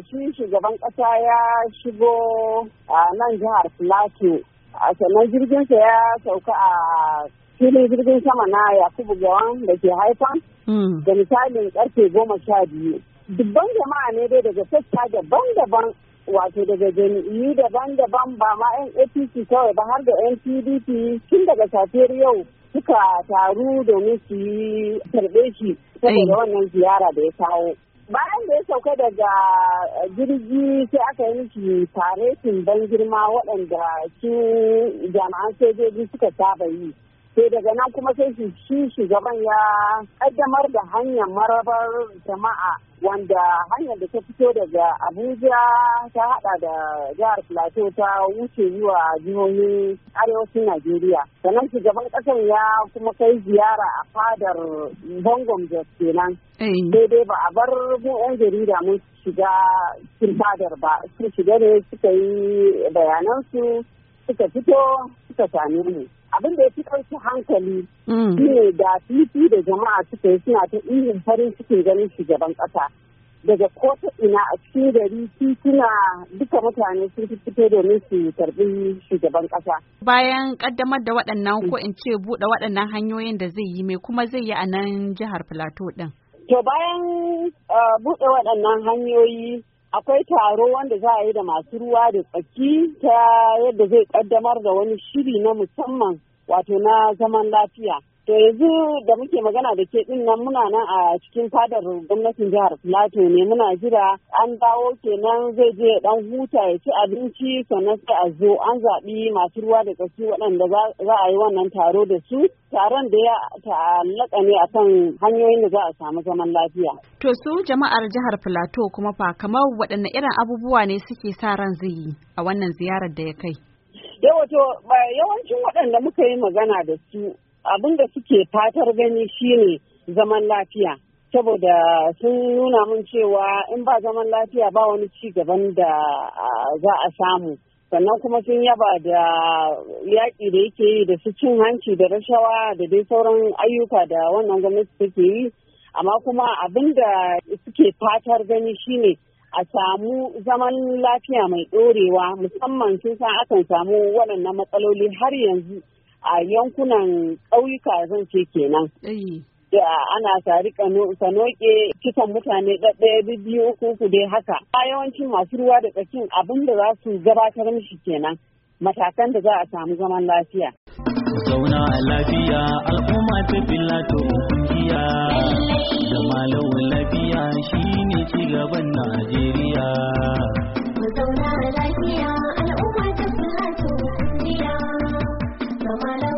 shi shugaban kasa ya shigo a nan jihar Filato. A sannan jirginsa ya sauka a filin jirgin sama na Yakubu Gawan da ke haifan hmm. da misalin karfe goma sha biyu. Dubban jama'a ne dai daga sassa daban-daban wato daga jami'i daban-daban ba ma 'yan APC kawai ba har da 'yan PDP tun daga safiyar yau suka taru domin su yi tarbe shi saboda wannan ziyara da ya kawo. bayan da ya sauka daga eh, jirgi sai aka yi mishi faretin ban girma waɗanda su jami'an sojoji suka saba yi sai daga nan kuma sai shi shi shugaban ya kaddamar da hanyar marabar jama'a wanda hanyar da ta fito daga abuja ta hada da jihar plateau ta wuce zuwa jihohin arewacin najeriya sannan shugaban kasar ya kuma kai ziyara a fadar bangon da kenan eh. sai dai ba a bar mu yan jarida mun shiga cikin fadar ba sun shiga ne suka yi bayanansu suka fito suka same mu abin da ya fi ƙarfi hankali mm. ne da fifi da jama'a suka yi suna ta irin farin cikin ganin shugaban ƙasa daga kota ina a cikin gari tituna duka mutane sun fi fito domin su karbi shugaban ƙasa. bayan ƙaddamar da waɗannan ko in ce buɗe waɗannan hanyoyin da zai yi mai kuma zai yi a nan jihar plateau ɗin. to bayan eh, buɗe waɗannan hanyoyi akwai taro wanda za a yi da masu ruwa da tsaki ta yadda zai kaddamar da wani shiri na musamman wato na zaman lafiya To yanzu da muke magana da ke din nan muna nan a cikin fadar gwamnatin jihar Plateau ne muna jira an dawo kenan zai je dan huta ya ci abinci sannan sai a zo an zaɓi masu ruwa da tsaki waɗanda za a yi wannan taro da su taron da ya ta'allaka ne akan hanyoyin da za a samu zaman lafiya. To su jama'ar jihar Plateau kuma fa kamar waɗanne irin abubuwa ne suke sa ran zai yi a wannan ziyarar da ya kai. yawancin waɗanda muka yi magana da su abin da suke fatar gani shine zaman lafiya saboda sun nuna mun cewa in ba zaman lafiya ba wani ci gaban da za a samu sannan kuma sun yaba da yaƙi da yake yi da su cin hanci da rashawa da dai sauran ayyuka da wannan gwamnati take yi amma kuma abin da suke fatar gani shine a samu zaman lafiya mai ɗorewa musamman sun san akan samu waɗannan matsaloli har yanzu a yankunan ƙauyuka zan ce kenan. ana tari sanoke kisan mutane ɗaɗɗaya biyu ko uku dai haka. A yawancin masu ruwa da tsakin abin da za su gabatar mishi kenan matakan da za a samu zaman lafiya. Zauna a lafiya al'umma ta filato kungiya. Zama lafiya shine gaban Najeriya. my life.